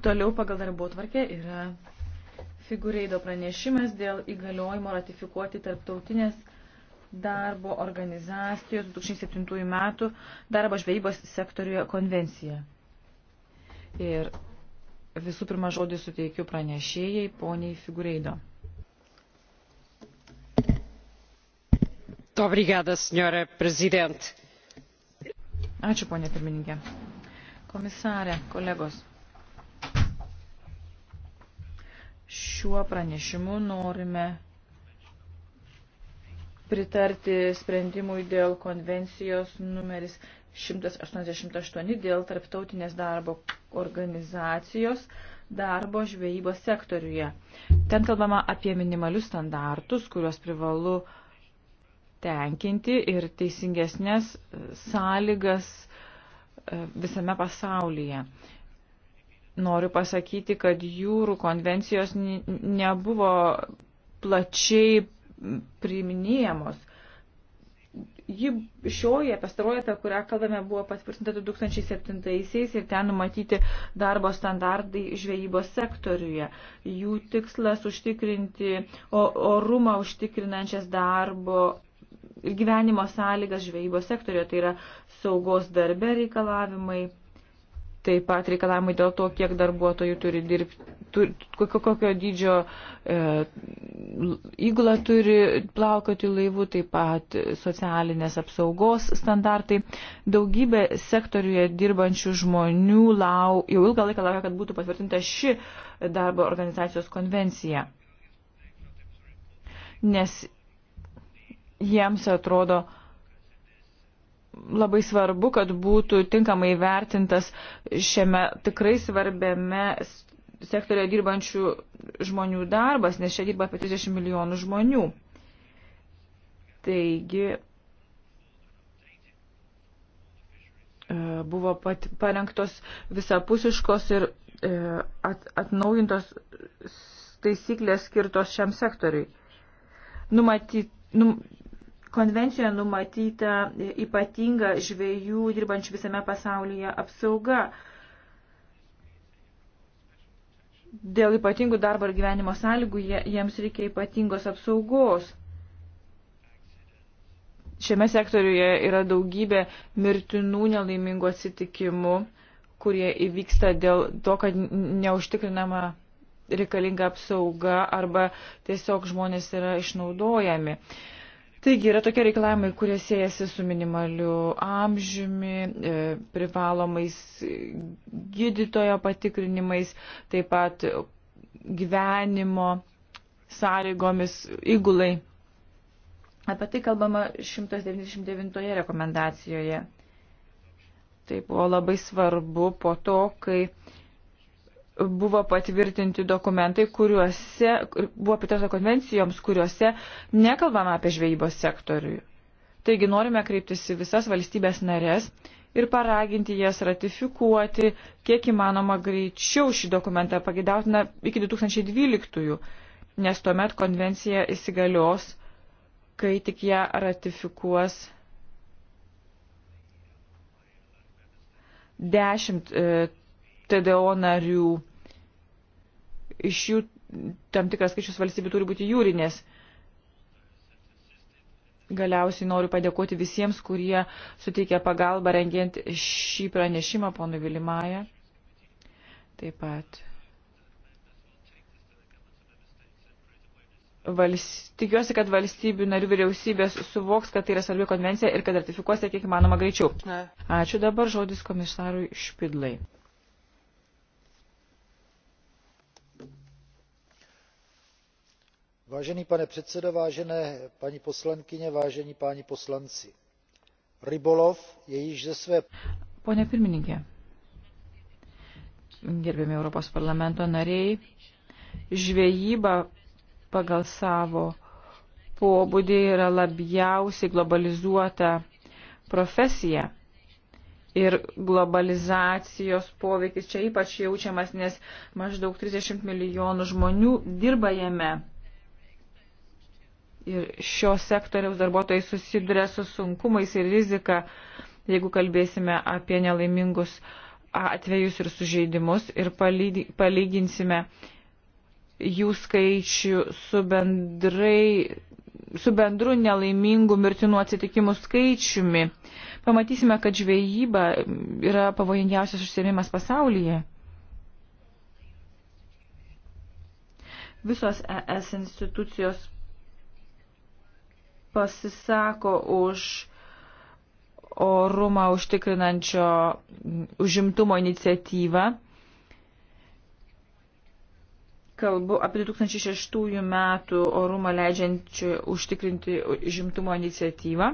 Toliau pagal darbo tvarkę yra figureido pranešimas dėl įgaliojimo ratifikuoti tarptautinės darbo organizacijos 2007 metų darbo žvejybos sektoriuje konvenciją. Ir visų pirma žodį suteikiu pranešėjai poniai figureido. Obrigada, senhora Presidente. Ačiū, ponė pirmininkė. Komisarė, kolegos. Šiuo pranešimu norime pritarti sprendimui dėl konvencijos numeris 188 dėl tarptautinės darbo organizacijos darbo žvejybos sektoriuje. Ten kalbama apie minimalius standartus, kuriuos privalu tenkinti ir teisingesnės sąlygas uh, E, visame pasaulyje. Noriu pasakyti, kad jūrų konvencijos nebuvo plačiai priiminėjamos. Ji šioje pastaroje, apie kurią kalbame, buvo patvirtinta 2007-aisiais ir ten numatyti darbo standartai žvejybos sektoriuje. Jų tikslas užtikrinti orumą užtikrinančias darbo gyvenimo sąlygas žvejybos sektorioje, tai yra saugos darbe reikalavimai, taip pat reikalavimai dėl to, kiek darbuotojų turi dirbti, turi, kokio, kokio dydžio e, įgula turi plaukoti laivu, taip pat socialinės apsaugos standartai. Daugybė sektoriuje dirbančių žmonių lau, jau ilgą laiką laukia, kad būtų patvirtinta ši darbo organizacijos konvencija. Nes jiems atrodo labai svarbu, kad būtų tinkamai vertintas šiame tikrai svarbiame sektorioje dirbančių žmonių darbas, nes čia dirba apie 30 milijonų žmonių. Taigi e, buvo pat, parengtos visapusiškos ir e, at, atnaujintos taisyklės skirtos šiam sektoriui. Numatyt, num, Konvencijoje numatyta ypatinga žvėjų dirbančių visame pasaulyje apsauga. Dėl ypatingų darbo ir gyvenimo sąlygų jiems reikia ypatingos apsaugos. Šiame sektoriuje yra daugybė mirtinų nelaimingų atsitikimų, kurie įvyksta dėl to, kad neužtikrinama reikalinga apsauga arba tiesiog žmonės yra išnaudojami. Uh, Taigi yra tokie reikalavimai, kurie siejasi su minimaliu amžiumi, e, privalomais gydytojo patikrinimais, taip pat gyvenimo sąlygomis įgulai. Apie tai kalbama 199 rekomendacijoje. Tai buvo labai svarbu po to, kai buvo patvirtinti dokumentai, kuriuose buvo pritarta konvencijoms, kuriuose nekalbama apie žvejybos sektorių. Taigi norime kreiptis į visas valstybės narės ir paraginti jas ratifikuoti, kiek įmanoma greičiau šį dokumentą pagidautina iki 2012, nes tuomet konvencija įsigalios, kai tik ją ratifikuos dešimt e, TDO narių iš jų tam tikras skaičius valstybių turi būti jūrinės. Galiausiai noriu padėkoti visiems, kurie suteikė pagalbą rengiant šį pranešimą, ponui Vilimaja. Taip pat. Vals... Tikiuosi, kad valstybių narių vyriausybės suvoks, kad tai yra svarbi konvencija ir kad ratifikuos kiek įmanoma greičiau. Ačiū dabar žodis komisarui Špidlai. vážený pane předsedo vážené paní poslankyně vážení páni poslanci rybolov je již ze své. pone pirmininke gerbiami europos parlamento nariai žvejyba pagal savo pobūdį yra labiausiai globalizuota profesija. Ir globalizacijos poveikis čia ypač jaučiamas, nes maždaug 30 milijonų žmonių dirba jame ir šio sektoriaus darbuotojai susiduria su sunkumais ir rizika, jeigu kalbėsime apie nelaimingus atvejus ir sužeidimus ir palyginsime jų skaičių su, bendrai, su bendru nelaimingų mirtinų atsitikimų skaičiumi. Pamatysime, kad žvejyba yra pavojingiausias užsiemimas pasaulyje. Visos ES institucijos pasisako už orumą užtikrinančio užimtumo iniciatyvą. Kalbu apie 2006 metų orumą leidžiančią užtikrinti užimtumo iniciatyvą.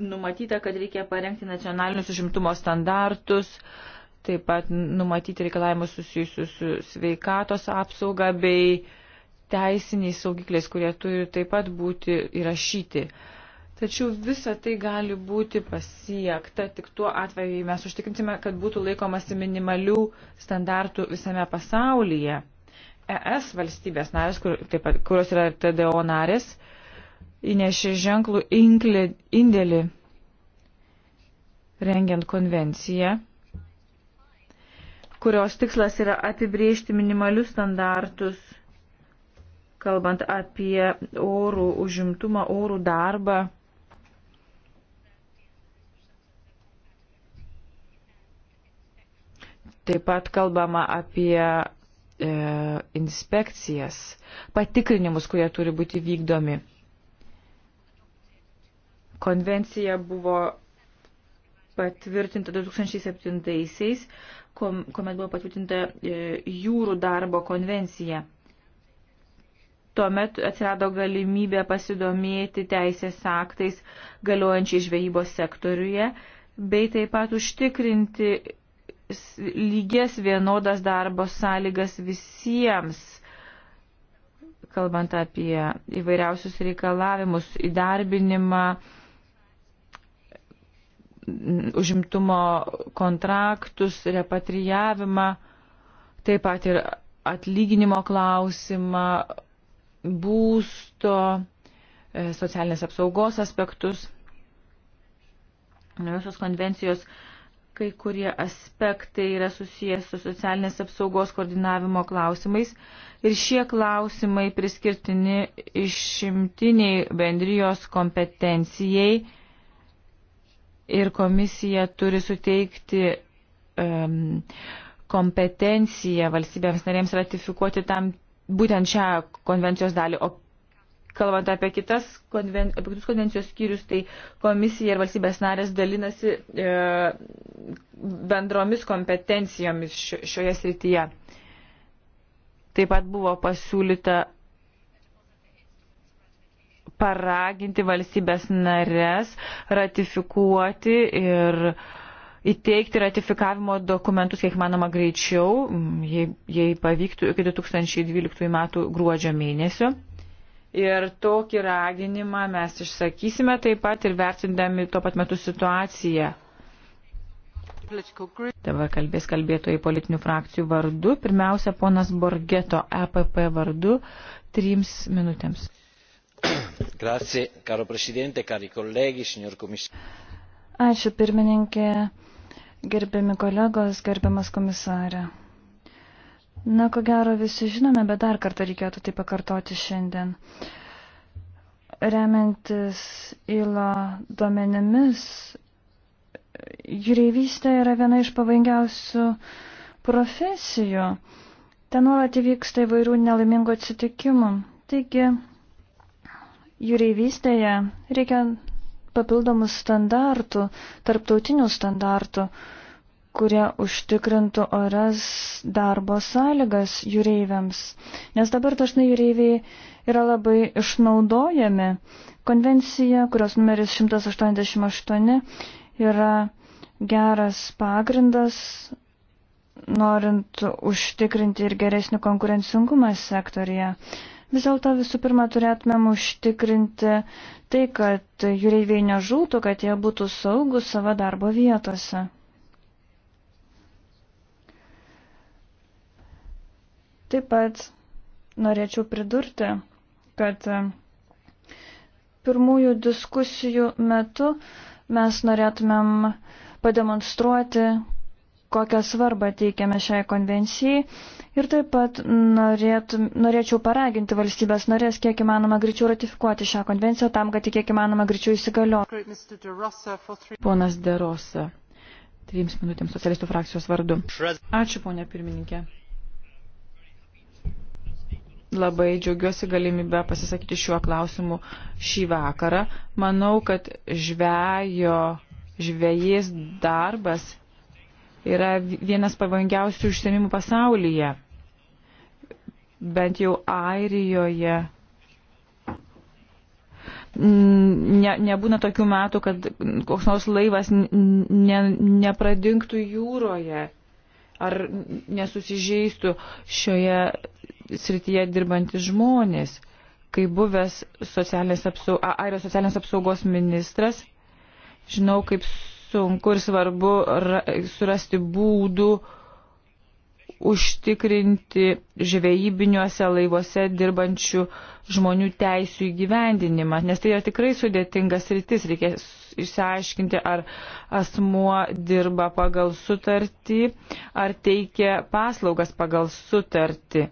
numatyta, kad reikia parengti nacionalinius užimtumo standartus, taip pat numatyti reikalavimus susijusius su sveikatos apsauga bei teisiniais saugikliais, kurie turi taip pat būti įrašyti. Tačiau visa tai gali būti pasiekta tik tuo atveju, jei mes užtikrinsime, kad būtų laikomasi minimalių standartų visame pasaulyje. ES valstybės narės, kur, taip pat, kurios yra TDO narės, įnešė ženklų indėlį rengiant konvenciją kurios tikslas yra apibriežti minimalius standartus, kalbant apie orų užimtumą, orų darbą. Taip pat kalbama apie e, inspekcijas, patikrinimus, kurie turi būti vykdomi. Konvencija buvo patvirtinta 2007-aisiais, kuomet buvo patvirtinta e, jūrų darbo konvencija. Tuomet atsirado galimybė pasidomėti teisės aktais galiojančiai žvejybos sektoriuje, bei taip pat užtikrinti lygias vienodas darbo sąlygas visiems, kalbant apie įvairiausius reikalavimus, įdarbinimą, užimtumo kontraktus, repatrijavimą, taip pat ir atlyginimo klausimą, būsto, e, socialinės apsaugos aspektus. Naujosios konvencijos kai kurie aspektai yra susijęs su socialinės apsaugos koordinavimo klausimais ir šie klausimai priskirtini išimtiniai bendrijos kompetencijai ir komisija turi suteikti um, kompetenciją valstybėms narėms ratifikuoti tam būtent šią konvencijos dalį. O kalbant apie, kitas, konven, apie kitus konvencijos skyrius, tai komisija ir valstybės narės dalinasi e, bendromis kompetencijomis šioje srityje. Taip pat buvo pasiūlyta paraginti valstybės narės ratifikuoti ir įteikti ratifikavimo dokumentus kiek manoma greičiau, jei, jei pavyktų iki 2012 metų gruodžio mėnesio. Ir tokį raginimą mes išsakysime taip pat ir vertindami tuo pat metu situaciją. Dabar kalbės kalbėtojai politinių frakcijų vardu. Pirmiausia, ponas Borgeto EPP vardu trims minutėms. Caro presidente, cari colleghi, signor komisarė. Ačiū pirmininkė, gerbiami kolegos, gerbiamas komisarė. Na, ko gero visi žinome, bet dar kartą reikėtų tai pakartoti šiandien. Remiantis įlo duomenimis, jūreivystė yra viena iš pavojingiausių profesijų. Ten nuolat įvyksta įvairių nelaimingų atsitikimų. Taigi, jūreivystėje reikia papildomų standartų, tarptautinių standartų, kurie užtikrintų oras darbo sąlygas jūreiviams. Nes dabar dažnai jūreiviai yra labai išnaudojami. Konvencija, kurios numeris 188, yra geras pagrindas, norint užtikrinti ir geresnį konkurencingumą sektorija. Vis dėlto visų pirma turėtumėm užtikrinti tai, kad jūreiviai nežūtų, kad jie būtų saugus savo darbo vietose. Taip pat norėčiau pridurti, kad pirmųjų diskusijų metu mes norėtumėm pademonstruoti, kokią svarbą teikiame šiai konvencijai. Ir taip pat norėtų, norėčiau paraginti valstybės norės kiek įmanoma greičiau ratifikuoti šią konvenciją tam, kad kiek įmanoma greičiau įsigaliotų. Ponas Derosa, trims minutėms socialistų frakcijos vardu. Ačiū, ponė pirmininkė. Labai džiaugiuosi galimybę pasisakyti šiuo klausimu šį vakarą. Manau, kad žvejo, žvėjės darbas yra vienas pavojingiausių užsiemimų pasaulyje. Bent jau Airijoje ne, nebūna tokių metų, kad koks nors laivas ne, nepradinktų jūroje ar nesusižeistų šioje srityje dirbantis žmonės. Kai buvęs socialinės apsaugos, Airijos socialinės apsaugos ministras, žinau, kaip sunku ir svarbu surasti būdų užtikrinti žvejybiniuose laivuose dirbančių žmonių teisų įgyvendinimą, nes tai yra tikrai sudėtingas rytis, reikia išsiaiškinti, ar asmuo dirba pagal sutartį, ar teikia paslaugas pagal sutartį.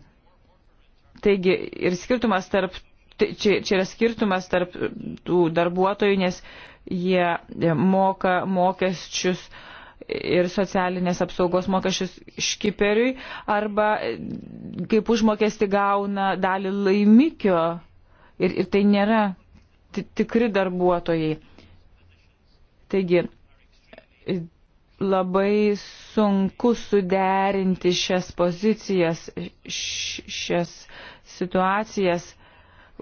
Taigi ir skirtumas tarp Tai čia, čia yra skirtumas tarp tų darbuotojų, nes jie moka mokesčius ir socialinės apsaugos mokesčius škiperiui arba kaip užmokesti gauna dalį laimikio ir, ir tai nėra tikri darbuotojai. Taigi labai sunku suderinti šias pozicijas, šias situacijas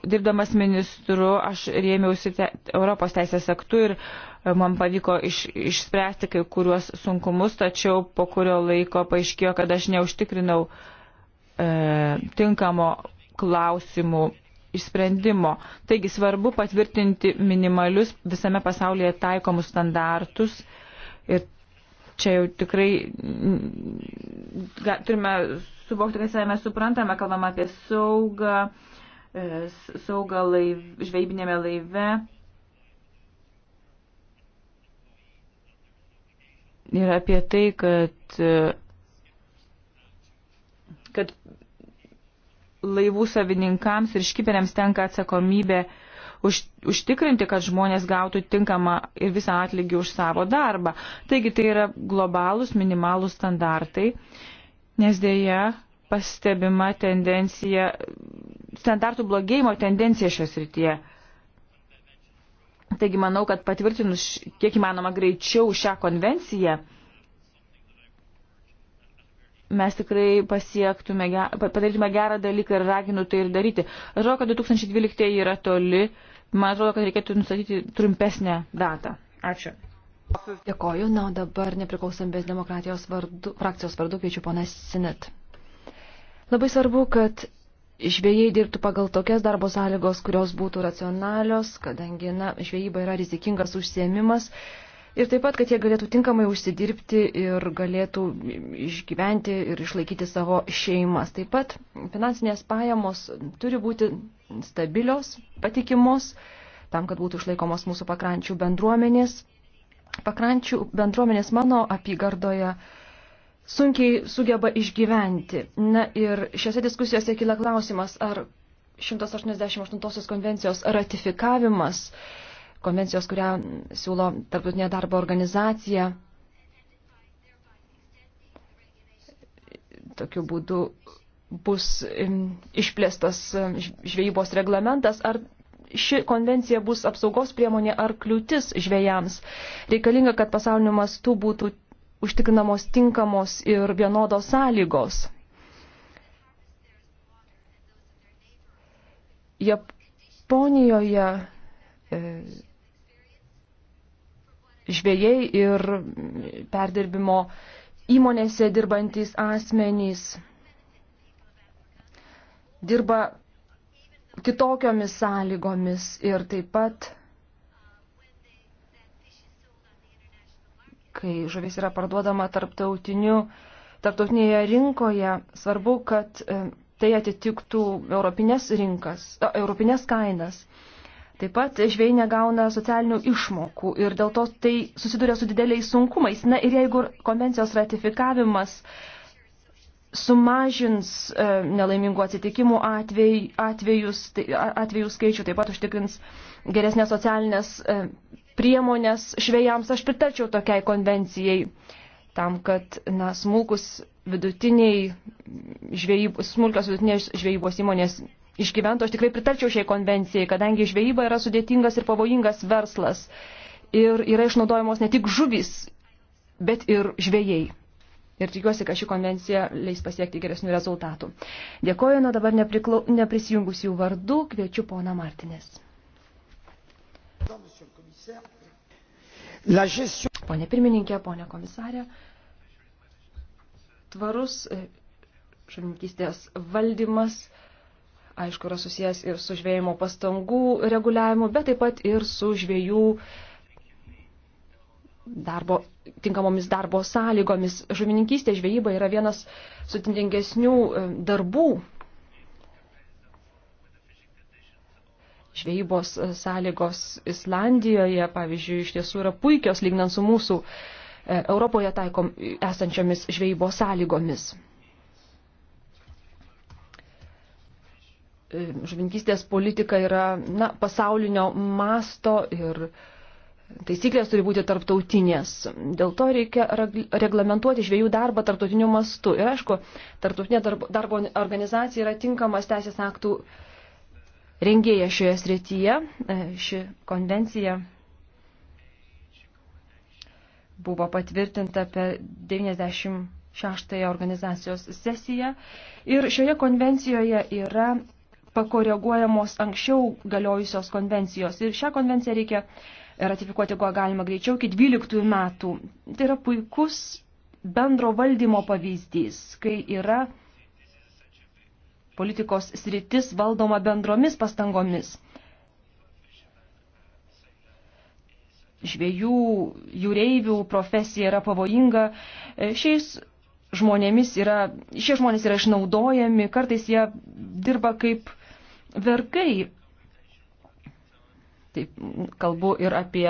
dirbdamas ministru, aš rėmiausi te, Europos teisės aktu ir e, man pavyko iš, išspręsti kai kuriuos sunkumus, tačiau po kurio laiko paaiškėjo, kad aš neužtikrinau e, tinkamo klausimų išsprendimo. Taigi svarbu patvirtinti minimalius visame pasaulyje taikomus standartus ir čia jau tikrai ga, turime suvokti, kad savame suprantame, kalbame apie saugą, E, saugą laiv, žvejybinėme laive. Ir apie tai, kad, e, kad laivų savininkams ir škiperiams tenka atsakomybė už, užtikrinti, kad žmonės gautų tinkamą ir visą atlygį už savo darbą. Taigi tai yra globalūs minimalūs standartai, nes dėja pastebima tendencija standartų blogėjimo tendencija šios rytyje. Taigi manau, kad patvirtinus kiek įmanoma greičiau šią konvenciją, mes tikrai pasiektume, padarytume gerą dalyką ir raginu tai ir daryti. Atrodo, kad 2012 yra toli, man atrodo, kad reikėtų nustatyti trumpesnę datą. Ačiū. Dėkoju, na o dabar nepriklausomybės demokratijos vardu, frakcijos vardu kviečiu ponas Sinit. Labai svarbu, kad žvėjai dirbtų pagal tokias darbo sąlygos, kurios būtų racionalios, kadangi na, žvėjyba yra rizikingas užsiemimas. Ir taip pat, kad jie galėtų tinkamai užsidirbti ir galėtų išgyventi ir išlaikyti savo šeimas. Taip pat finansinės pajamos turi būti stabilios, patikimos, tam, kad būtų išlaikomos mūsų pakrančių bendruomenės. Pakrančių bendruomenės mano apygardoje sunkiai sugeba išgyventi. Na ir šiose diskusijose kila klausimas, ar 188 konvencijos ratifikavimas, konvencijos, kurią siūlo Tarptautinė darbo organizacija, tokiu būdu bus išplėstas žvejybos reglamentas, ar ši konvencija bus apsaugos priemonė ar kliūtis žvejams. Reikalinga, kad pasauliniu mastu būtų užtikrinamos tinkamos ir vienodos sąlygos. Japonijoje e, žvėjai ir perdirbimo įmonėse dirbantys asmenys dirba kitokiomis sąlygomis ir taip pat kai žuvis yra parduodama tarptautinėje rinkoje, svarbu, kad e, tai atitiktų europinės rinkas, o, europinės kainas. Taip pat žvėjai negauna socialinių išmokų ir dėl to tai susiduria su dideliais sunkumais. Na ir jeigu konvencijos ratifikavimas sumažins e, nelaimingų atsitikimų atvej, atvejus, tai, atvejų skaičių, taip pat užtikrins geresnės socialinės e, priemonės žvėjams. Aš pritarčiau tokiai konvencijai tam, kad na, smulkus vidutiniai žvejybos, smulkios vidutinės žvejybos įmonės išgyventų. Aš tikrai pritarčiau šiai konvencijai, kadangi žvejyba yra sudėtingas ir pavojingas verslas. Ir yra išnaudojamos ne tik žuvys, bet ir žvėjai. Ir tikiuosi, kad ši konvencija leis pasiekti geresnių rezultatų. Dėkoju, nuo dabar neprisijungusių vardų kviečiu poną Martinės. Domisiu. Pone pirmininkė, pone komisarė, tvarus žuvininkystės e, valdymas, aišku, yra susijęs ir su žvėjimo pastangų reguliavimu, bet taip pat ir su žvėjų darbo, tinkamomis darbo sąlygomis. Žuvininkystė žvejyba yra vienas sutintingesnių e, darbų žvejybos e, sąlygos Islandijoje, pavyzdžiui, iš tiesų yra puikios lygnant su mūsų e, Europoje taikom e, esančiomis žvejybos sąlygomis. Žuvinkystės politika yra na, pasaulinio masto ir taisyklės turi būti tarptautinės. Dėl to reikia reglamentuoti žvėjų darbą tarptautiniu mastu. Ir aišku, tarptautinė darbo organizacija yra tinkamas teisės aktų uh, rengėja šioje srityje. E, ši konvencija buvo patvirtinta per 96-ąją organizacijos sesiją. Ir šioje konvencijoje yra pakoreguojamos anksčiau galiojusios konvencijos. Ir šią konvenciją reikia ratifikuoti kuo galima greičiau iki 12 metų. Tai yra puikus bendro valdymo pavyzdys, kai yra politikos sritis valdoma bendromis pastangomis. Žvėjų, jūreivių profesija yra pavojinga. E, šiais žmonėmis yra, šie žmonės yra išnaudojami, kartais jie dirba kaip vergai. Taip, kalbu ir apie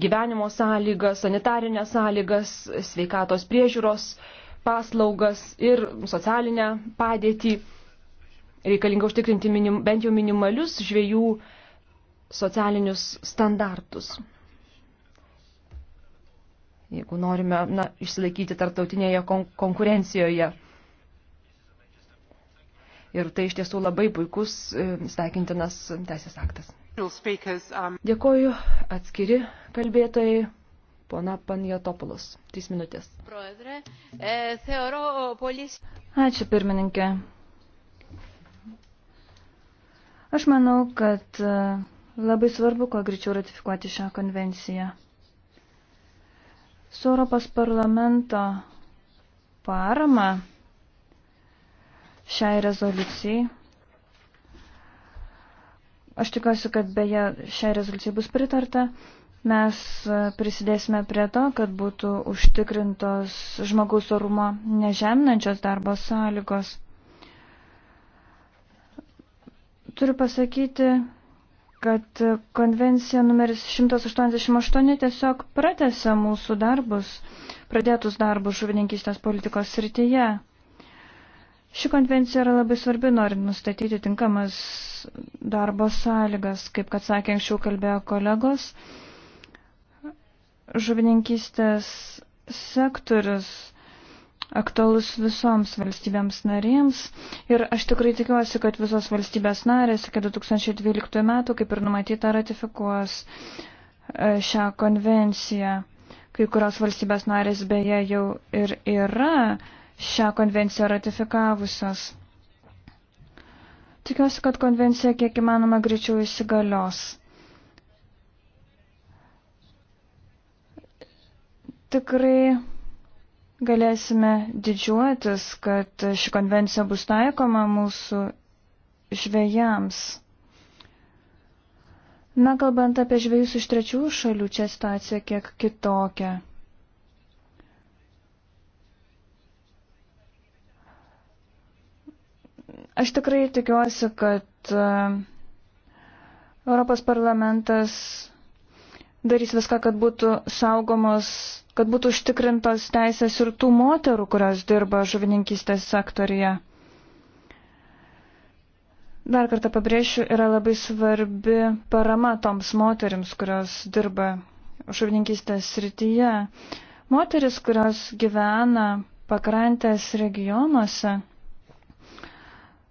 gyvenimo sąlygas, sanitarinės sąlygas, sveikatos priežiūros paslaugas ir socialinę padėtį reikalinga užtikrinti minim, bent jau minimalius žvėjų socialinius standartus. Jeigu norime na, išsilaikyti tarptautinėje kon konkurencijoje. Ir tai iš tiesų labai puikus e, sveikintinas teisės aktas. Dėkoju atskiri kalbėtojai. Pona Panjatopulos, 3 minutės. Ačiū pirmininkė. Aš manau, kad e, labai svarbu, kuo greičiau ratifikuoti šią konvenciją. Su Europos parlamento parama šiai rezoliucijai. Aš tikiuosi, kad beje šiai rezoliucijai bus pritarta. Mes e, prisidėsime prie to, kad būtų užtikrintos žmogaus orumo nežeminančios darbo sąlygos. Turiu pasakyti, kad konvencija numeris 188 tiesiog pratęsia mūsų darbus, pradėtus darbus žuvininkystės politikos srityje. Ši konvencija yra labai svarbi, norint nustatyti tinkamas darbo sąlygas, kaip kad sakė anksčiau kalbėjo kolegos. Žuvininkystės sektorius aktualus visoms valstybėms narėms. Ir aš tikrai tikiuosi, kad visos valstybės narės iki 2012 metų, kaip ir numatyta, ratifikuos e, šią konvenciją. Kai kurios valstybės narės beje jau ir yra šią konvenciją ratifikavusios. Tikiuosi, kad konvencija kiek įmanoma greičiau įsigalios. Tikrai galėsime didžiuotis, kad ši konvencija bus taikoma mūsų žvėjams. Na, kalbant apie žvėjus iš trečių šalių, čia situacija kiek kitokia. Aš tikrai tikiuosi, kad e, Europos parlamentas darys viską, kad būtų saugomos, kad būtų užtikrintos teisės ir tų moterų, kurios dirba žuvininkystės sektorija. Dar kartą pabrėšiu, yra labai svarbi parama toms moteriams, kurios dirba žuvininkystės srityje. Moteris, kurios gyvena pakrantės regionuose,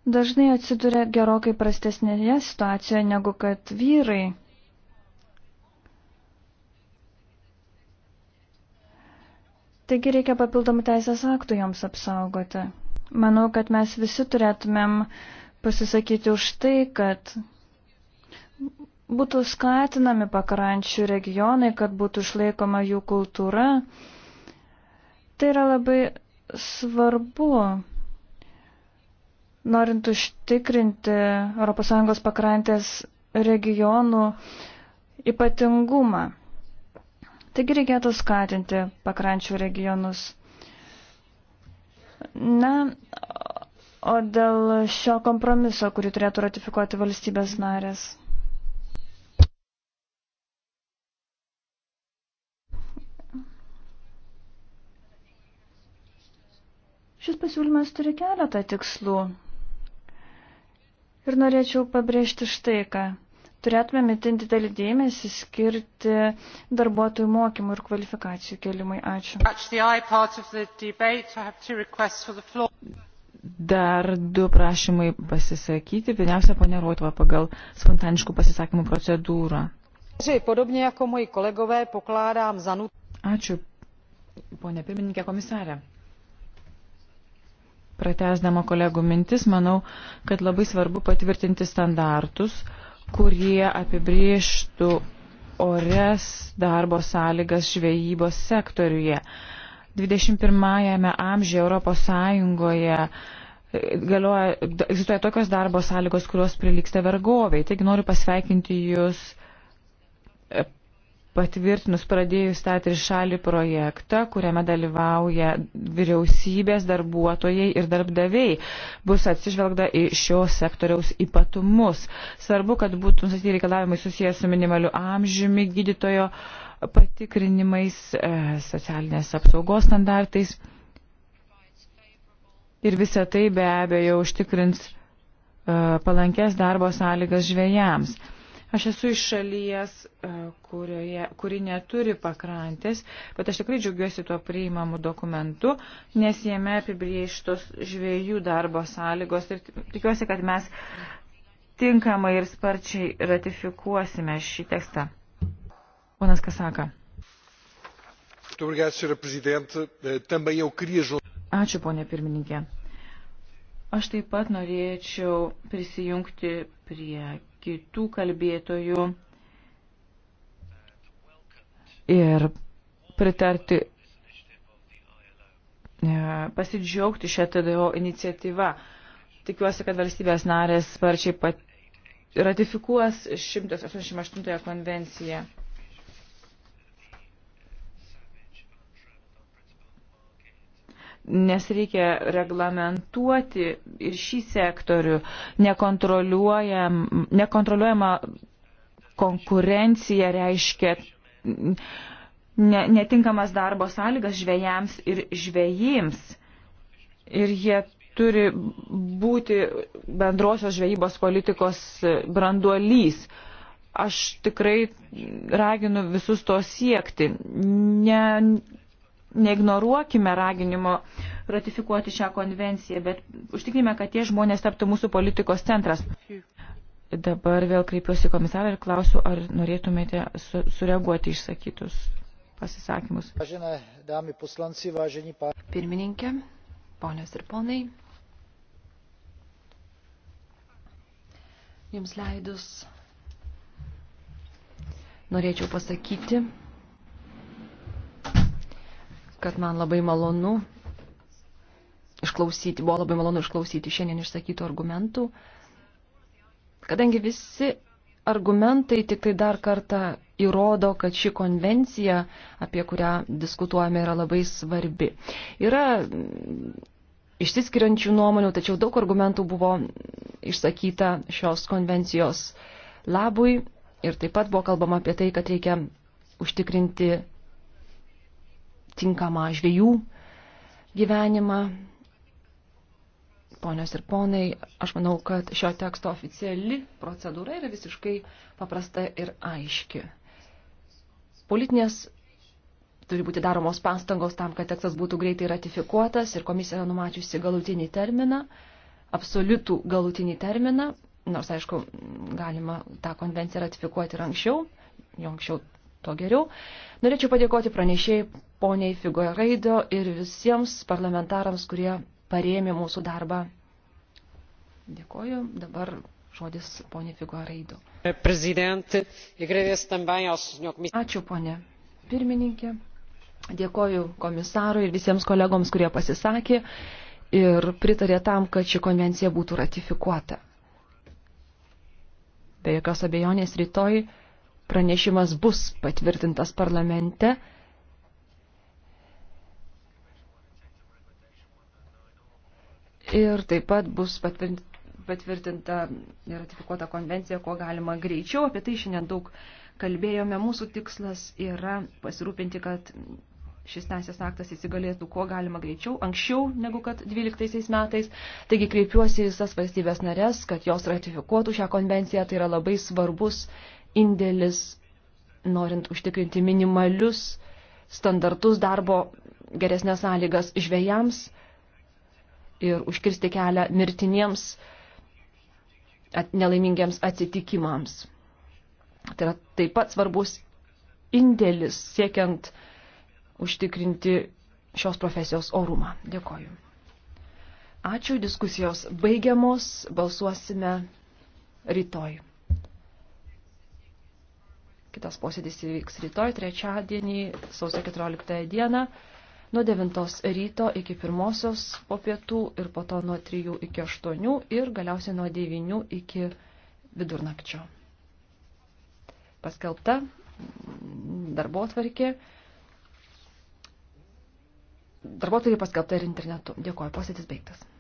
dažnai atsiduria gerokai prastesnėje situacijoje negu kad vyrai. Taigi reikia papildomų teisės aktų joms apsaugoti. Manau, kad mes visi turėtumėm pasisakyti už tai, kad būtų skatinami pakrančių regionai, kad būtų išlaikoma jų kultūra. Tai yra labai svarbu, norint užtikrinti ES pakrantės regionų ypatingumą. Taigi reikėtų skatinti pakrančių regionus. Na, o dėl šio kompromiso, kurį turėtų ratifikuoti valstybės narės. Šis pasiūlymas turi keletą tikslų. Ir norėčiau pabrėžti štai ką turėtume itin didelį dėmesį skirti darbuotojų mokymų ir kvalifikacijų kelimui. Ačiū. Dar du prašymai pasisakyti. Pirmiausia, ponė Rotva, pagal spontaniškų pasisakymų procedūrą. Ačiū, ponė pirmininkė komisarė. Pratesdama kolegų mintis, manau, kad labai svarbu patvirtinti standartus, kurie apibrieštų ores darbo sąlygas žvejybos sektoriuje. 21-ame amžiuje Europos Sąjungoje e, galioja, egzistuoja tokios darbo sąlygos, kurios priliksta vergoviai. Taigi noriu pasveikinti Jūs patvirtinus pradėjus tą trišalį projektą, kuriame dalyvauja vyriausybės darbuotojai ir darbdaviai, bus atsižvelgda į šio sektoriaus ypatumus. Svarbu, kad būtų nustatyti reikalavimai susijęs su minimaliu amžiumi gydytojo patikrinimais, e, socialinės apsaugos standartais. Ir visa tai be abejo užtikrins e, palankės darbo sąlygas žvėjams. Aš esu iš šalies, e, kurioje, kuri neturi pakrantės, bet aš tikrai džiaugiuosi tuo priimamu dokumentu, nes jame apibrieštos žvėjų darbo sąlygos ir tikiuosi, kad mes tinkamai ir sparčiai ratifikuosime šį tekstą. Ponas Kasaka. Eh, Ačiū, ponė pirmininkė. Aš taip pat norėčiau prisijungti prie kitų kalbėtojų ir pritarti, e, pasidžiaugti šią TDO iniciatyvą. Tikiuosi, kad valstybės narės sparčiai ratifikuos 188 konvenciją. nes reikia reglamentuoti ir šį sektorių nekontroliuojam, nekontroliuojama konkurencija reiškia ne, netinkamas darbo sąlygas žvėjams ir žvėjims. Ir jie turi būti bendrosios žvejybos politikos branduolys. Aš tikrai raginu visus to siekti. Ne, neignoruokime raginimo ratifikuoti šią konvenciją, bet užtikrime, kad tie žmonės taptų mūsų politikos centras. Dabar vėl kreipiuosi komisarą ir klausiu, ar norėtumėte su, sureaguoti išsakytus pasisakymus. Pirmininkė, ponios ir ponai, jums leidus norėčiau pasakyti, kad man labai malonu išklausyti, buvo labai malonu išklausyti šiandien išsakytų argumentų, kadangi visi argumentai tik tai dar kartą įrodo, kad ši konvencija, apie kurią diskutuojame, yra labai svarbi. Yra išsiskiriančių nuomonių, tačiau daug argumentų buvo išsakyta šios konvencijos labui ir taip pat buvo kalbama apie tai, kad reikia užtikrinti tinkamą žvėjų gyvenimą. Ponios ir ponai, aš manau, kad šio teksto oficiali procedūra yra visiškai paprasta ir aiški. Politinės turi būti daromos pastangos tam, kad tekstas būtų greitai ratifikuotas ir komisija yra numačiusi galutinį terminą, absoliutų galutinį terminą, nors aišku, galima tą konvenciją ratifikuoti ir anksčiau, jo anksčiau to geriau. Norėčiau padėkoti pranešėjai poniai Figueiredo ir visiems parlamentarams, kurie parėmė mūsų darbą. Dėkoju. Dabar žodis poniai Figueiredo. Ačiū, ponė pirmininkė. Dėkoju komisarui ir visiems kolegoms, kurie pasisakė ir pritarė tam, kad ši konvencija būtų ratifikuota. Be jokios abejonės rytoj pranešimas bus patvirtintas parlamente. Ir taip pat bus patvirtinta ir ratifikuota konvencija, ko galima greičiau. Apie tai šiandien daug kalbėjome. Mūsų tikslas yra pasirūpinti, kad šis teisės aktas įsigalėtų kuo galima greičiau, anksčiau negu kad 12 metais. Taigi kreipiuosi visas valstybės narės, kad jos ratifikuotų šią konvenciją. Tai yra labai svarbus indėlis, norint užtikrinti minimalius standartus darbo geresnės sąlygas žvėjams ir užkirsti kelią mirtiniems at, nelaimingiams atsitikimams. Tai yra taip pat svarbus indėlis siekiant užtikrinti šios profesijos orumą. Dėkoju. Ačiū, diskusijos baigiamos, balsuosime rytoj. Kitas posėdis įvyks rytoj, trečiadienį, sausio 14 dieną, nuo 9 ryto iki 1 po pietų ir po to nuo 3 iki 8 ir galiausiai nuo 9 iki vidurnakčio. Paskelbta darbo atvarkė. Darbuotojai paskelbta ir internetu. Dėkuoju, posėdis baigtas.